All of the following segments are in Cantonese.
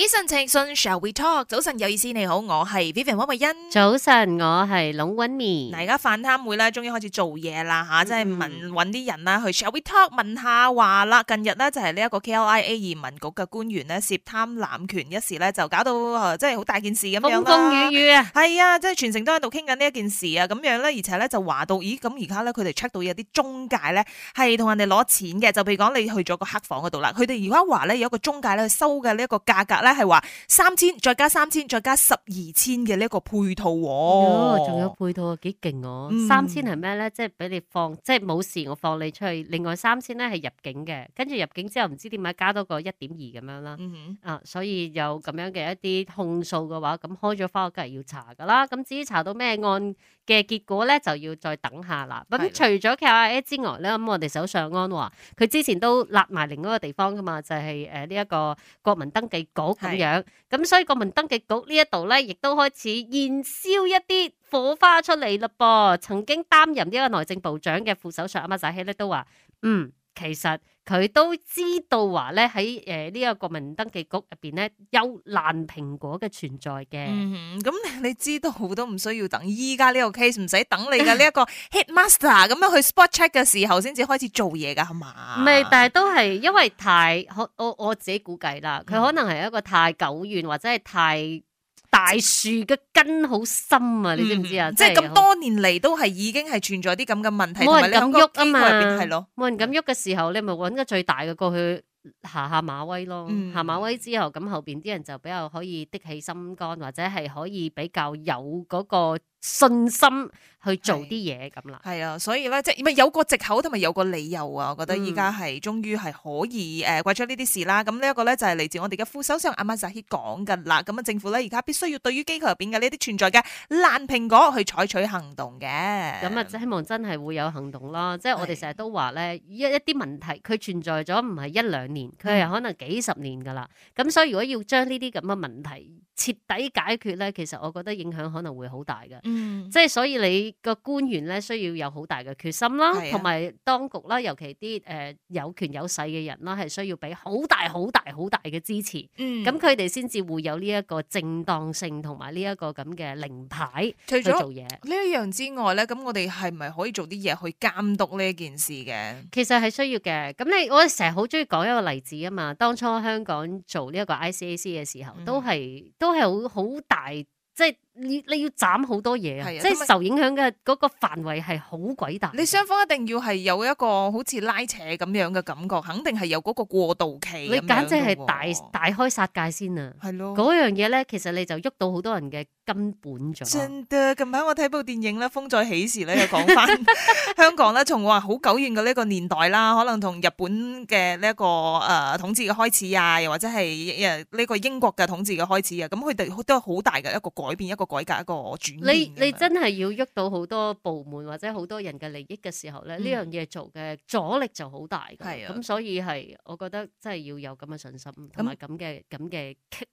Eason 陳奕迅 Shall we talk？早晨有意思，你好，我係 Vivian 溫慧欣。早晨，我係龍 e 明。而家反貪會啦，終於開始做嘢啦吓，嗯、即係問啲人啦去 Shall we talk？問下話啦。近日呢，就係呢一個 KLIA 移民局嘅官員咧涉貪濫權一事咧就搞到啊，真係，即係好大件事咁樣啦。風風雨雨啊，係啊，即係全程都喺度傾緊呢一件事啊，咁樣咧，而且咧就話到，咦咁而家咧佢哋 check 到有啲中介咧係同人哋攞錢嘅，就譬如講你去咗個黑房嗰度啦，佢哋而家話咧有一個中介咧收嘅呢一個價格咧。咧係話三千再加三千再加十二千嘅呢一個配套。哦哎，仲有配套幾勁哦！三千係咩呢？即係俾你放，即係冇事，我放你出去。另外三千呢係入境嘅，跟住入境之後唔知點解加多個一點二咁樣啦。嗯、哼啊，所以有咁樣嘅一啲控訴嘅話，咁開咗 file，梗係要查噶啦。咁至於查到咩案嘅結果呢，就要再等下啦。咁除咗旗下之外呢，咁、嗯、我哋首相安華，佢之前都立埋另外一個地方噶嘛，就係誒呢一個國民登記局。咁樣，咁是所以國民登記局呢一度咧，亦都開始燃燒一啲火花出嚟嘞噃。曾經擔任呢個內政部長嘅副首相阿馬仔希咧都話，嗯，其實。佢都知道話咧喺誒呢個國民登記局入邊咧有爛蘋果嘅存在嘅、嗯。嗯咁你知道我都唔需要等依家呢個 case 唔使等你嘅呢一個 Hitmaster 咁樣去 spot check 嘅時候先至開始做嘢㗎係嘛？唔係，但係都係因為太可，我我自己估計啦，佢可能係一個太久遠或者係太。大樹嘅根好深啊！你知唔知啊？即係咁多年嚟都係已經係存在啲咁嘅問題，冇人敢喐啊嘛，係咯，冇人敢喐嘅時候，你咪揾個最大嘅過去下下馬威咯，嗯、下馬威之後，咁後邊啲人就比較可以的起心肝，或者係可以比較有嗰、那個。信心去做啲嘢咁啦，係啊，所以咧即係咪有個借口同埋有個理由啊？我覺得依家係終於係可以誒，話出呢啲事啦。咁呢一個咧就係嚟自我哋嘅副首相阿馬扎希講嘅啦。咁啊，政府咧而家必須要對於機構入邊嘅呢啲存在嘅爛蘋果去採取行動嘅。咁啊，希望真係會有行動啦。即係是的 我哋成日都話咧，一一啲問題佢存在咗唔係一兩年，佢係可能幾十年噶啦。咁、嗯、所以如果要將呢啲咁嘅問題徹底解決咧，其實我覺得影響可能會好大嘅。即係、嗯、所以你個官員咧需要有好大嘅決心啦，同埋、啊、當局啦，尤其啲誒有權有勢嘅人啦，係需要俾好大好大好大嘅支持。嗯，咁佢哋先至會有呢一個正當性同埋呢一個咁嘅名牌推去做嘢。呢一樣之外咧，咁我哋係咪可以做啲嘢去監督呢一件事嘅？其實係需要嘅。咁你我成日好中意講一個例子啊嘛。當初香港做呢一個 ICAC 嘅時候，嗯、都係都係好好大即係。你你要斬好多嘢啊！的即係受影響嘅嗰個範圍係好鬼大。你雙方一定要係有一個好似拉扯咁樣嘅感覺，肯定係有嗰個過渡期。你簡直係大大開殺戒先啊！係咯的，嗰樣嘢咧，其實你就喐到好多人嘅根本咗。真㗎！近排我睇部電影咧，《風再起時》咧又講翻香港咧， 從話好久遠嘅呢個年代啦，可能同日本嘅呢一個誒統治嘅開始啊，又或者係呢個英國嘅統治嘅開始啊，咁佢哋都有好大嘅一個改變，一個，改革一個轉變，你你真係要喐到好多部門或者好多人嘅利益嘅時候咧，呢、嗯、樣嘢做嘅阻力就好大嘅。咁、嗯、所以係，我覺得真係要有咁嘅信心同埋咁嘅咁嘅。嗯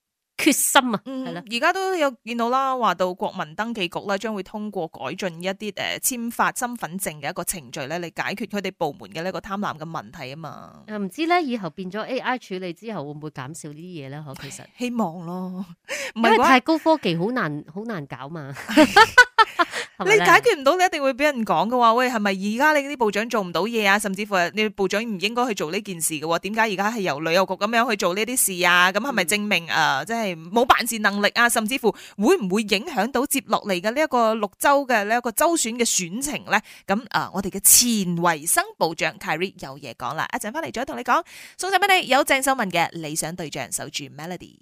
決心啊，嗯，而家的都有見到啦，話到國民登記局咧，將會通過改進一啲誒簽發身份證嘅一個程序咧，嚟解決佢哋部門嘅呢個貪婪嘅問題啊嘛。嗯、唔知咧以後變咗 AI 處理之後會唔會減少呢啲嘢咧？嗬，其實希望咯，因為太高科技好難好 難搞嘛。 是是你解決唔到，你一定會俾人講嘅話，喂，係咪而家你啲部長做唔到嘢啊？甚至乎你部長唔應該去做呢件事嘅，啊，點解而家係由旅遊局咁樣去做呢啲事啊？咁係咪證明誒，即係冇辦事能力啊？甚至乎會唔會影響到接落嚟嘅呢一個六州嘅呢一個州選嘅選情咧？咁誒、呃，我哋嘅前衛生部長 Khairy 有嘢講啦，一陣翻嚟再同你講，送上俾你有鄭秀文嘅理想對象守住 Melody。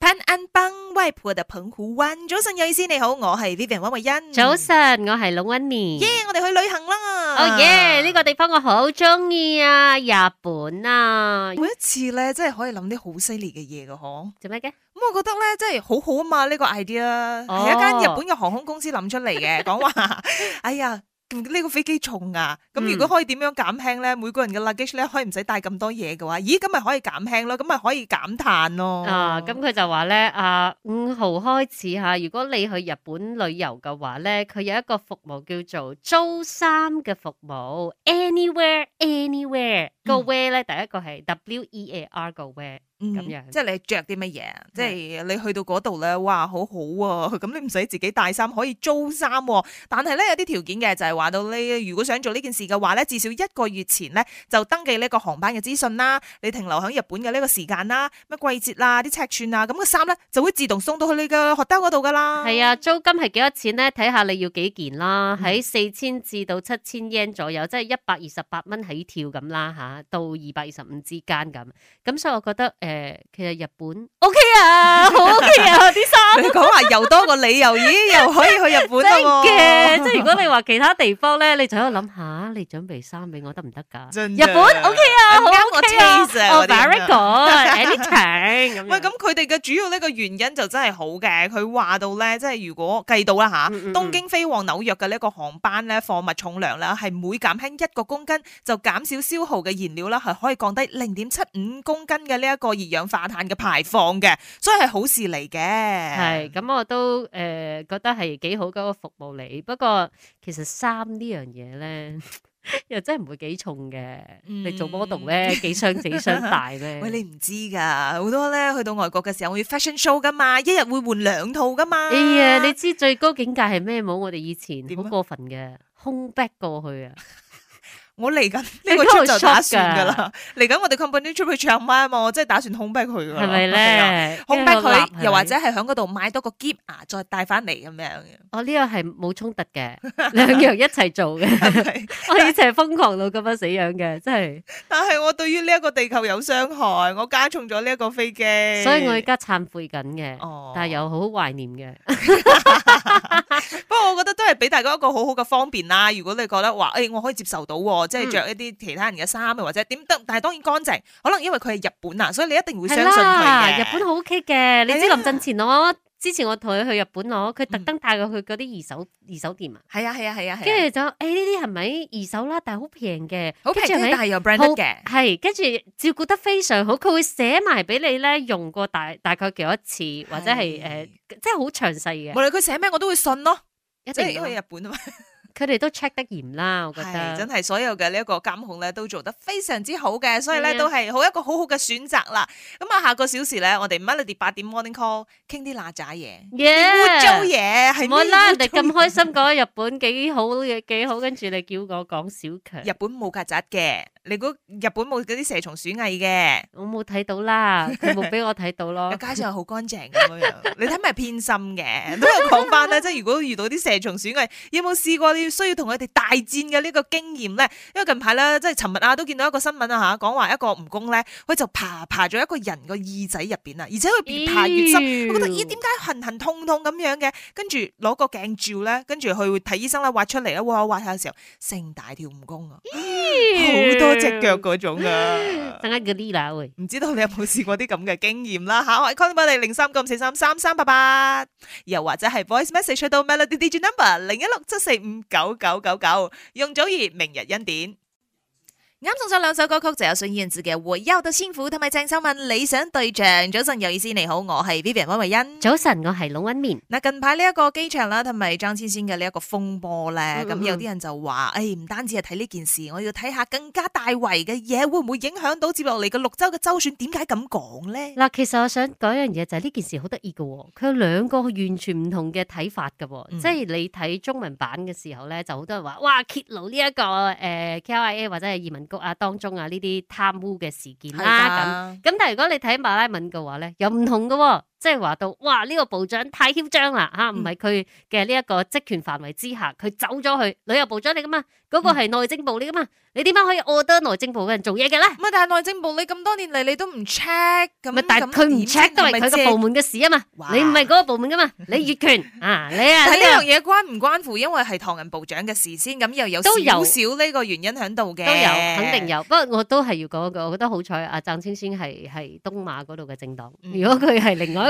潘安邦，外婆的澎湖灣。早晨，有意思，你好，我係 Vivian 溫慧欣。早晨，我係龍溫妮。耶，yeah, 我哋去旅行啦。哦耶，呢個地方我好中意啊，日本啊。每一次咧，真係可以諗啲好犀利嘅嘢噶，嗬嘛。做咩嘅？咁我覺得咧，真係好好啊嘛，呢、這個 idea 啦，係、哦、一間日本嘅航空公司諗出嚟嘅，講話， 哎呀。呢個飛機重啊，咁如果可以點樣減輕呢？嗯、每個人嘅 luggage 咧可以唔使帶咁多嘢嘅話，咦，咁咪可以減輕咯，咁咪可以減碳咯。咁佢、啊、就話呢，阿、啊、五號開始吓，如果你去日本旅遊嘅話呢，佢有一個服務叫做租衫嘅服務，anywhere anywhere 個 where 呢，嗯、第一個係 w e a r 個 where。嗯，咁樣即係你着啲乜嘢，即係你去到嗰度咧，哇，好好啊！咁你唔使自己帶衫，可以租衫，啊。但係咧有啲條件嘅，就係、是、話到你如果想做呢件事嘅話咧，至少一個月前咧就登記呢個航班嘅資訊啦，你停留喺日本嘅呢個時間啦，乜季節啦，啲尺寸啊，咁，那個衫咧就會自動送到去你嘅學兜嗰度噶啦。係啊，租金係幾多錢咧？睇下你要幾件啦，喺四千至到七千 yen 左右，即係一百二十八蚊起跳咁啦，吓到二百二十五之間咁。咁所以我覺得誒。呃誒，其實日本 OK 啊，好 OK 啊，啲衫。你講話又多個理由，咦？又可以去日本啊？真嘅，即係如果你話其他地方咧，你就喺度諗下，你準備衫俾我得唔得㗎？日本 OK 啊，好 OK 啊，America，anything 咁。喂，咁佢哋嘅主要呢個原因就真係好嘅。佢話到咧，即係如果計到啦吓，東京飛往紐約嘅呢一個航班咧，貨物重量咧係每減輕一個公斤，就減少消耗嘅燃料啦，係可以降低零點七五公斤嘅呢一個二氧化碳嘅排放嘅，所以係好事嚟嘅。係咁，我都誒、呃、覺得係幾好嗰個服務你。不過其實衫呢樣嘢咧， 又真係唔會幾重嘅。嗯、你做 model 咧幾雙幾雙大咧？ 喂，你唔知㗎，好多咧去到外國嘅時候，我要 fashion show 㗎嘛，一日會換兩套㗎嘛。哎呀，你知最高境界係咩冇？我哋以前好過分嘅，空樣 back 過去啊！ 我嚟緊呢個出就打算噶啦，嚟緊我哋 company trip 出去唱 m 啊嘛，我真係打算控逼佢噶啦，係咪咧？控逼佢又或者係喺嗰度買多個 gear 再帶翻嚟咁樣嘅。我呢個係冇衝突嘅，兩樣一齊做嘅。我以前係瘋狂到咁樣死樣嘅，真係。但係我對於呢一個地球有傷害，我加重咗呢一個飛機。所以我而家懺悔緊嘅，但係又好懷念嘅。不過我覺得都係俾大家一個好好嘅方便啦。如果你覺得話，誒，我可以接受到。即係着一啲其他人嘅衫啊，或者點得？但係當然乾淨。可能因為佢係日本啊，所以你一定會相信佢。日本好 OK 嘅，的你知林振前我的之前我同佢去日本囉，佢特登帶佢去嗰啲二手二、嗯、手店啊。係啊係啊係啊，跟住就誒呢啲係咪二手啦？但係好平嘅，好平但係有 brand 嘅。係跟住照顧得非常好，佢會寫埋俾你咧，用過大大概幾多次，或者係誒，即係好詳細嘅。無論佢寫咩，呃、寫我都會信咯。一定去日本啊嘛。 佢哋都 check 得嚴啦，我覺得真係所有嘅呢一個監控咧都做得非常之好嘅，所以咧都係好一個好好嘅選擇啦。咁、嗯、啊，下個小時咧，我哋 Monday 八點 morning call，傾啲邋遢嘢，啲污糟嘢，唔好 Yeah! 啦，人哋咁開心講日本幾好幾好，跟住你叫我講小強， 日本冇曱甴嘅。你估日本冇嗰啲蛇蟲鼠蟻嘅，我冇睇到啦，佢冇俾我睇到咯 有。街上係好乾淨咁樣，你睇咪偏心嘅？都有講翻啦，即係 如果遇到啲蛇蟲鼠蟻，有冇試過要需要同佢哋大戰嘅呢個經驗咧？因為近排咧，即係尋日啊，都見到一個新聞啊，吓講話一個蜈蚣咧，佢就爬爬咗一個人個耳仔入邊啊，而且佢越爬越深，噓 噓 我覺得咦，點解痕痕痛痛咁樣嘅？跟住攞個鏡照咧，跟住去睇醫生啦，挖出嚟啦，哇！挖下嘅時候，成大條蜈蚣啊，好很多。噓 一隻腳嗰種啊，陣間嗰啲啦會，唔知道你有冇試過啲咁嘅經驗啦吓。我 call 你我哋零三九四三三三八八，又或者係 voice message 去到 melody digit number 零一六七四五九九九九，容祖兒明日恩典。啱送上兩首歌曲，就有孫燕姿嘅《回憂到千戶》同埋鄭秀文《理想對象》。早晨有意思，你好，我係 Vivian 溫慧欣。早晨，我係老溫棉。嗱，近排呢一個機場啦，同埋張千千嘅呢一個風波咧，咁、嗯嗯、有啲人就話，誒、哎，唔單止係睇呢件事，我要睇下更加大圍嘅嘢會唔會影響到接落嚟嘅六州嘅州選？點解咁講咧？嗱，其實我想講一樣嘢，就係呢件事好得意嘅，佢有兩個完全唔同嘅睇法嘅、哦，嗯、即係你睇中文版嘅時候咧，就好多人話，哇，揭露呢、這、一個誒 KIA、呃、或者係移民。局啊，當中啊呢啲貪污嘅事件啦，咁、啊、但係如果你睇馬拉文嘅話呢，又唔同㗎、哦。即係話到，哇！呢、呢個部長太囂張啦，吓唔係佢嘅呢一個職權範圍之下，佢走咗去旅遊部長嚟噶嘛？嗰、嗰個係內政部嚟噶嘛？你點解可以 order 內政部嘅人做嘢嘅咧？唔係，但係內政部你咁多年嚟你都唔 check 咁，但係佢唔 check 都係佢哇個部門嘅事啊嘛？你唔係嗰個部門噶嘛？你越權 啊！你啊，睇呢樣嘢關唔關乎因為係唐人部長嘅事先咁，又有少少呢個原因喺度嘅，都有肯定有。不過我都係要講一句，我覺得好彩阿鄭青先係係東馬嗰度嘅政黨，如果佢係另外。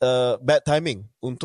誒、呃呃、bad timing，亂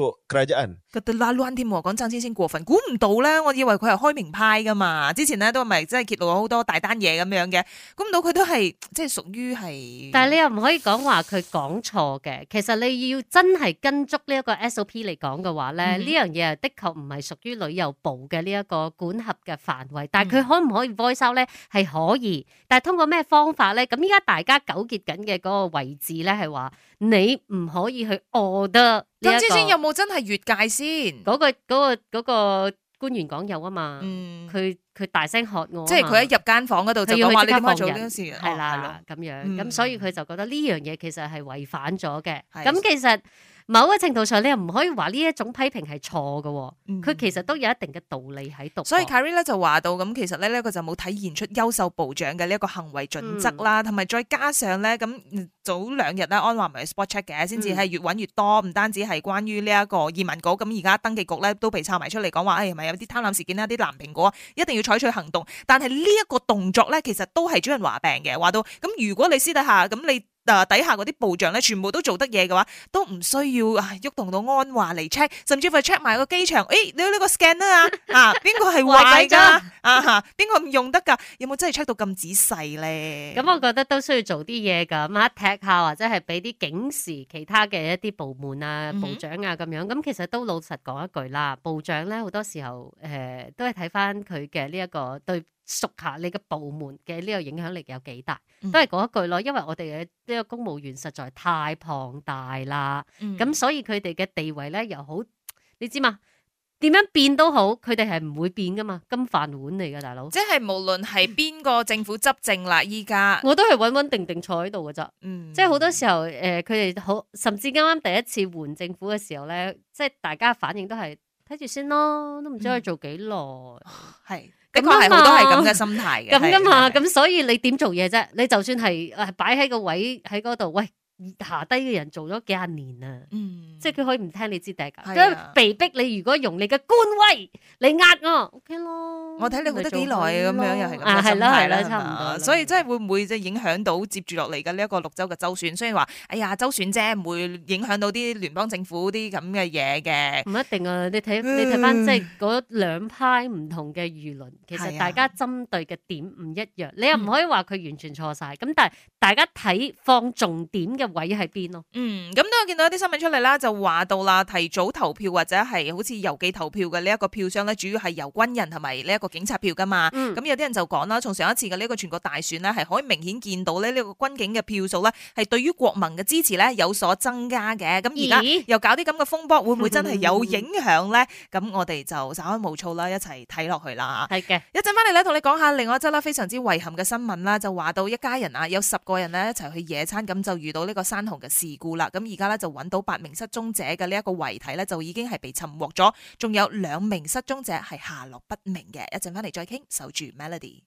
添喎，講真先先過分。估唔到咧，我以為佢係開明派嘅嘛。之前咧都係咪真係揭露咗好多大單嘢咁樣嘅？估唔到佢都係即係屬於係。但係你又唔可以講話佢講錯嘅。其實你要真係跟足呢一個 SOP 嚟講嘅話呢，呢樣嘢的確唔係屬於旅遊部嘅呢一個管轄嘅範圍。但係佢可唔可以 voice out 呢？係可以。但係通過咩方法咧？咁依家大家糾結緊嘅嗰個位置咧，係話你唔可以去哦得。咁之前有冇真係越界先？嗰個、嗰個、嗰個、嗰個官員講有啊嘛，佢佢、嗯、大聲喝我，即係佢喺入間房嗰度就要話呢個做嘅事係啦，咁樣咁，所以佢就覺得呢樣嘢其實係違反咗嘅。咁的其實。某一個程度上，你又唔可以話呢一種批評係錯嘅，佢、嗯、其實都有一定嘅道理喺度。所以 Carrie 咧就話到，咁其實咧咧佢就冇體現出優秀部長嘅呢一個行為準則啦，同埋、嗯、再加上咧咁早兩日啦，安華咪 spot check 嘅，先至係越搵越多，唔、嗯、單止係關於呢一個移民局，咁而家登記局咧都被抄埋出嚟講話，誒、哎，係咪有啲貪婪事件啊？啲藍蘋果一定要採取行動，但係呢一個動作咧，其實都係主人話病嘅，話到咁如果你私底下咁你。呃、底下嗰啲部長咧，全部都做得嘢嘅話，都唔需要喐動，動到安華嚟 check，甚至乎 check 埋個機場，誒、欸，你有呢個 scan 啊，啊，邊個係壞噶？啊，邊個唔用得噶？有冇真係 check 到咁仔細咧？咁我覺得都需要做啲嘢噶，check 下或者係俾啲警示其他嘅一啲部門啊、部長啊咁樣。咁、嗯、哼其實都老實講一句啦，部長咧好多時候誒、呃，都係睇翻佢嘅呢一個對。熟下你嘅部門嘅呢個影響力有幾大，嗯、都係嗰一句咯。因為我哋嘅呢個公務員實在太龐大啦，咁、嗯、所以佢哋嘅地位咧又好，你知嘛？點樣變都好，佢哋係唔會變噶嘛，金飯碗嚟噶大佬。即係無論係邊個政府執政啦，依家我都係穩穩定定坐喺度噶啫。嗯、即係好多時候誒，佢、呃、哋好甚至啱啱第一次換政府嘅時候咧，即係大家反應都係睇住先咯，都唔知可以做幾耐係。嗯係咁嘅心態，咁啊嘛，咁嘅嘛，咁所以你點做嘢啫？你就算係誒擺喺個位喺嗰度，喂。下低嘅人做咗幾廿年、嗯、啊，即係佢可以唔聽你支笛㗎，佢被逼你如果用你嘅官威你壓我，OK、啊、咯。我睇你活得幾耐咁樣，又係咁嘅係啦、係啦、差唔多。所以真係會唔會即係影響到接住落嚟嘅呢一個六州嘅州選？雖然話，哎呀，州選啫，唔會影響到啲聯邦政府啲咁嘅嘢嘅。唔一定啊，你睇、嗯、你睇翻即係嗰兩派唔同嘅輿論，其實大家針對嘅點唔一樣，是啊、你又唔可以話佢完全錯晒。咁但係大家睇放重點嘅。位喺邊咯？嗯，咁都有見到一啲新聞出嚟啦，就話到啦，提早投票或者係好似郵寄投票嘅呢一個票箱咧，主要係由軍人同埋呢一個警察票噶嘛。咁、嗯、有啲人就講啦，從上一次嘅呢一個全國大選咧，係可以明顯見到咧，呢個軍警嘅票數咧，係對於國民嘅支持咧有所增加嘅。咁而家又搞啲咁嘅風波，咦會唔會真係有影響咧？咁 我哋就稍安勿躁啦，一齊睇落去啦。係嘅的，一陣翻嚟咧，同你講下另外一則啦，非常之遺憾嘅新聞啦，就話到一家人啊，有十個人咧一齊去野餐，咁就遇到呢、這個。個山洪嘅事故啦，咁而家咧就搵到八名失蹤者嘅呢一個遺體咧就已經係被尋獲咗，仲有兩名失蹤者係下落不明嘅，一陣翻嚟再傾，守住 Melody。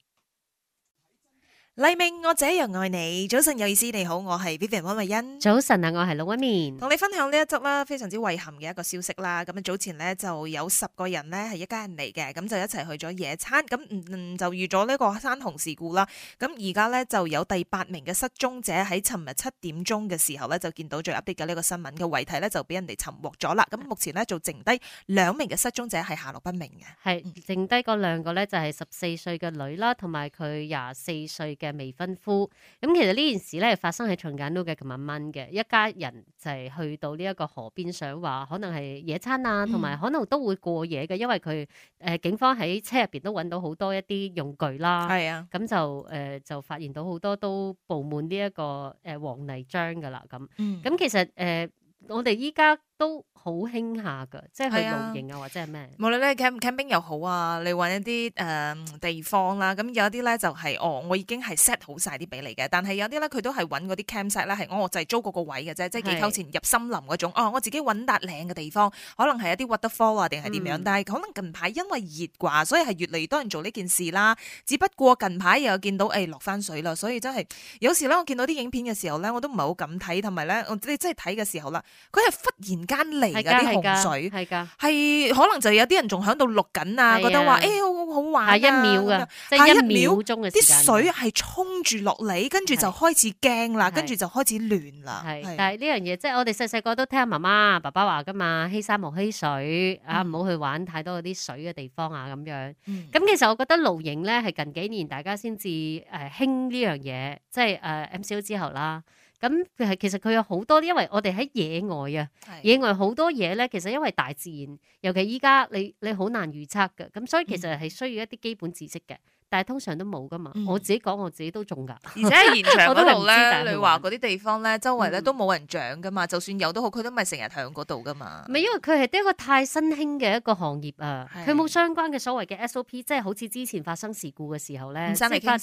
黎明，我這樣愛你。早晨有意思，你好，我係 Vivian 溫慧欣。早晨啊，我係老一念，同你分享呢一則啦，非常之遺憾嘅一個消息啦。咁早前呢，就有十個人呢係一家人嚟嘅，咁就一齊去咗野餐，咁、嗯嗯、就遇咗呢個山洪事故啦。咁而家呢，就有第八名嘅失蹤者喺尋日七點鐘嘅時候呢，就見到最 update 嘅呢個新聞嘅遺體呢，就俾人哋尋獲咗啦。咁目前呢，就剩低兩名嘅失蹤者係下落不明嘅。係剩低嗰兩個呢，就係十四歲嘅女啦，同埋佢廿四歲嘅。未婚夫，咁、嗯、其實呢件事咧發生喺長頸都嘅琴晚蚊嘅一家人就係去到呢一個河邊想話可能係野餐啊，同埋、嗯、可能都會過夜嘅，因為佢誒、呃、警方喺車入邊都揾到好多一啲用具啦，係啊，咁就誒、呃、就發現到好多都布滿呢一個誒黃泥漿噶啦，咁、呃，咁、嗯、其實誒、呃、我哋依家。都好興下噶，即係去露營啊，或者係咩？無論咧 camp camping 又好啊，你搵一啲誒、呃、地方啦，咁有啲咧就係、是、哦，我已經係 set 好晒啲俾你嘅，但係有啲咧佢都係搵嗰啲 campsite 咧，係、哦、我就係租嗰個位嘅啫，即係幾鳩錢入森林嗰種。哦，我自己搵笪靚嘅地方，可能係一啲 waterfall 啊，定係點樣？嗯、但係可能近排因為熱啩，所以係越嚟越多人做呢件事啦。只不過近排又有見到誒、哎、落翻水啦，所以真係有時咧，我見到啲影片嘅時候咧，我都唔係好敢睇，同埋咧，我你真係睇嘅時候啦，佢係忽然。間嚟噶啲洪水，係可能就有啲人仲響度錄緊啊，覺得話誒好好玩一秒噶，係一秒鐘嘅時間，啲水係衝住落嚟，跟住就開始驚啦，跟住的就開始亂啦。係，但係呢樣嘢，即係我哋細細個都聽阿媽媽、爸爸話噶嘛，欺山莫欺水、嗯、啊，唔好去玩太多嗰啲水嘅地方啊，咁樣。咁、嗯、其實我覺得露營咧，係近幾年大家先至誒興呢樣嘢，即係誒 MCO 之後啦。咁其實佢有好多，因為我哋喺野外啊，的野外好多嘢咧，其實因為大自然，尤其依家你你好難預測嘅，咁所以其實係需要一啲基本知識嘅。但係通常都冇噶嘛，嗯、我自己講我自己都中噶，而且 現場嗰度咧， 你話嗰啲地方咧，周圍咧都冇人長噶嘛，嗯、就算有都好，佢都唔係成日喺嗰度噶嘛。唔係因為佢係得一個太新興嘅一個行業啊，佢冇是相關嘅所謂嘅 SOP，即係好似之前發生事故嘅時候咧，先係啦，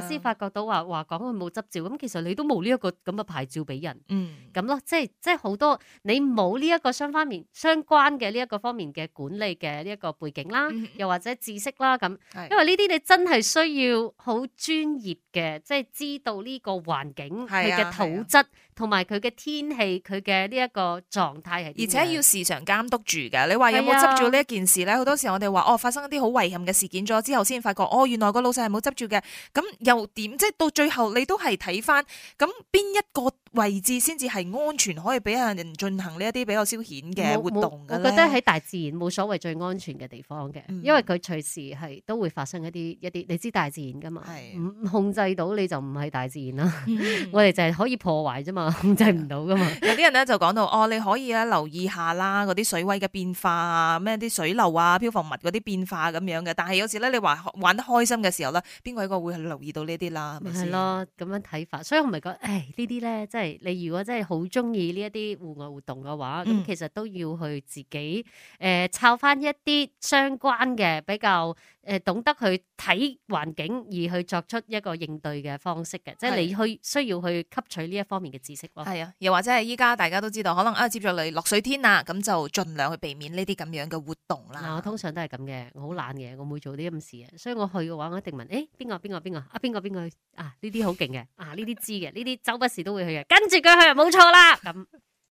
先發,發,發覺到話話講佢冇執照，咁其實你都冇呢一個咁嘅牌照俾人，咁、嗯、咯，即係即係好多你冇呢一個相方面相關嘅呢一個方面嘅管理嘅呢一個背景啦，嗯、哼又或者知識啦咁，是因為呢啲你。真係需要好專業嘅，即、就、係、是、知道呢個環境佢嘅、啊、土質。同埋佢嘅天氣，佢嘅呢一個狀態，係。而且要時常監督住嘅。你話有冇執住呢一件事咧？好是、啊、多時我哋話哦，發生一啲好遺憾嘅事件咗之後，先發覺哦，原來個老細係冇執住嘅。咁、嗯、又點即係到最後你都係睇翻咁邊一個位置先至係安全，可以俾啊人進行呢一啲比較消遣嘅活動。我覺得喺大自然冇所謂最安全嘅地方嘅，因為佢隨時係都會發生一啲一啲。你知大自然噶嘛？係的控制到你就唔係大自然啦。 我哋就係可以破壞啫嘛。控制唔到噶嘛？有啲人咧就講到哦，你可以咧留意下啦，嗰啲水位嘅變化啊，咩啲水流啊、漂浮物嗰啲變化咁樣嘅。但係有時咧，你玩玩得開心嘅時候咧，邊個一個會留意到呢啲啦？咪係咯，咁樣睇法。所以我咪講，誒，呢啲咧，即係你如果真係好中意呢一啲戶外活動嘅話，咁、嗯、其實都要去自己誒，湊、呃、翻一啲相關嘅比較。誒，懂得去睇環境而去作出一個應對嘅方式嘅，即係你去需要去吸取呢一方面嘅知識咯。係啊，又或者係依家大家都知道，可能啊接咗你落水天啦、啊，咁就儘量去避免呢啲咁樣嘅活動啦。嗱、啊，我通常都係咁嘅，我好懶嘅，我唔會做啲咁事嘅，所以我去嘅話，我一定問誒邊個邊個邊個啊邊個邊個啊呢啲好勁嘅啊呢啲知嘅呢啲周不時都會去嘅，跟住佢去就冇錯啦咁。